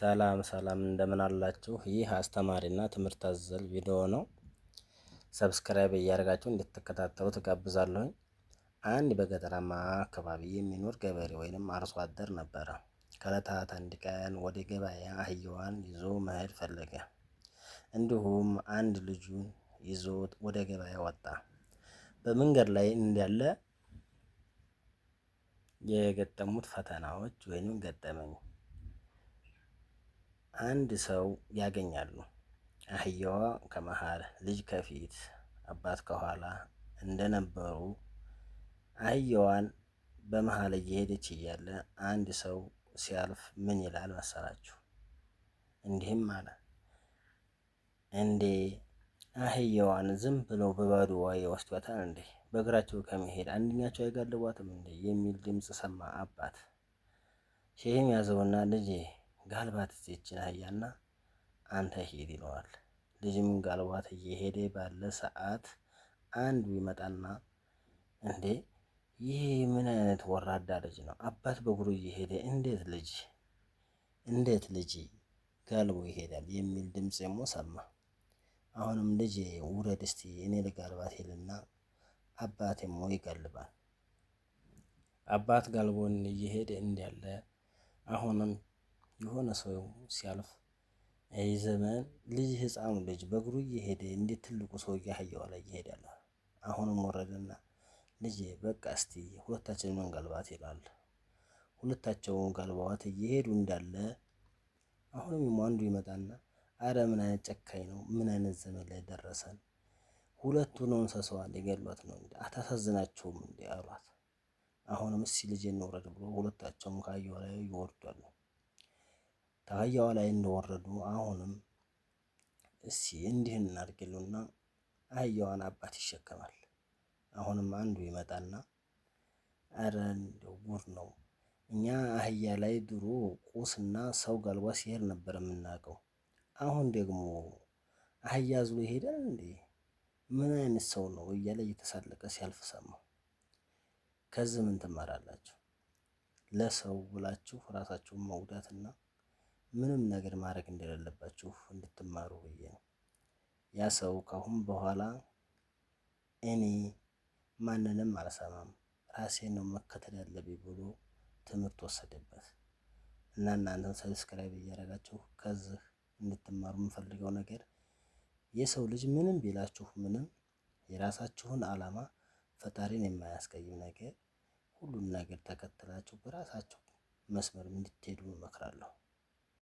ሰላም ሰላም እንደምን አላችሁ? ይህ አስተማሪና ትምህርት አዘል ቪዲዮ ነው። ሰብስክራይብ እያደረጋችሁ እንድትከታተሉ ትጋብዛለሁኝ። አንድ በገጠራማ አካባቢ የሚኖር ገበሬ ወይንም አርሶ አደር ነበረ። ከዕለታት አንድ ቀን ወደ ገበያ አህያዋን ይዞ መሄድ ፈለገ። እንዲሁም አንድ ልጁን ይዞ ወደ ገበያ ወጣ። በመንገድ ላይ እንዳለ የገጠሙት ፈተናዎች ወይንም ገጠመኝ አንድ ሰው ያገኛሉ። አህያዋ ከመሃል፣ ልጅ ከፊት፣ አባት ከኋላ እንደነበሩ አህያዋን በመሃል እየሄደች እያለ አንድ ሰው ሲያልፍ ምን ይላል መሰላችሁ? እንዲህም አለ፣ እንዴ አህያዋን ዝም ብለው በባዶዋ ይወስዷታል እንዴ? በእግራቸው ከመሄድ አንደኛቸው አይጋልቧትም እንዴ? የሚል ድምፅ ሰማ። አባት ሼህም ያዘውና ልጄ ጋልባት እዚችን አህያና አንተ ሂድ ይለዋል። ልጅም ጋልባት እየሄደ ባለ ሰዓት አንዱ ይመጣና እንዴ ይህ ምን አይነት ወራዳ ልጅ ነው? አባት በእግሩ እየሄደ እንዴት ልጅ እንዴት ልጅ ጋልቦ ይሄዳል? የሚል ድምፅ ደግሞ ሰማ። አሁንም ልጅ ውረድ እስቲ እኔ ልጋልባት ሄድና አባት ሞ ይጋልባል። አባት ጋልቦን እየሄደ እንዳለ አሁንም የሆነ ሰው ሲያልፍ ይህ ዘመን ልጅ ህፃኑ ልጅ በእግሩ እየሄደ እንዴት ትልቁ ሰው አህያው ላይ ይሄዳል? አሁንም ወረደና ልጅ በቃ እስቲ ሁለታችንም እንጋልባት ይላል። ሁለታቸውን ጋልባዋት እየሄዱ እንዳለ አሁንም አንዱ ይመጣና አረ ምን አይነት ጨካኝ ነው! ምን አይነት ዘመን ላይ ደረሰን! ሁለቱን እንስሳዋን ሊገሏት ነው እንዲ አታሳዝናቸውም እንዲ አሏት። አሁንም እስቲ ልጅ እንውረድ ብሎ ሁለታቸውም ከአህያው ላይ ይወርዳሉ። ከአህያዋ ላይ እንደወረዱ አሁንም እስኪ እንዲህ እናድርግ አህያዋን አባት ይሸከማል። አሁንም አንዱ ይመጣና አረ እንደው ጉድ ነው እኛ አህያ ላይ ድሮ ቁስና ሰው ጋልባ ሲሄድ ነበር የምናውቀው። አሁን ደግሞ አህያ አዝሎ ይሄዳል እንዴ? ምን አይነት ሰው ነው እያለ እየተሳለቀ ሲያልፍ ሰማሁ። ከዚህ ምን ትማራላችሁ? ለሰው ብላችሁ ራሳችሁን መጉዳትና ምንም ነገር ማድረግ እንደሌለባችሁ እንድትማሩ ብዬ ነው። ያ ሰው ካሁን በኋላ እኔ ማንንም አልሰማም ራሴን ነው መከተል ያለብኝ ብሎ ትምህርት ወሰደበት እና እናንተን ሰብስክራይብ እያደረጋችሁ ከዚህ እንድትማሩ የምፈልገው ነገር የሰው ልጅ ምንም ቢላችሁ ምንም የራሳችሁን ዓላማ ፈጣሪን የማያስቀይም ነገር ሁሉን ነገር ተከትላችሁ በራሳችሁ መስመር እንድትሄዱ እመክራለሁ።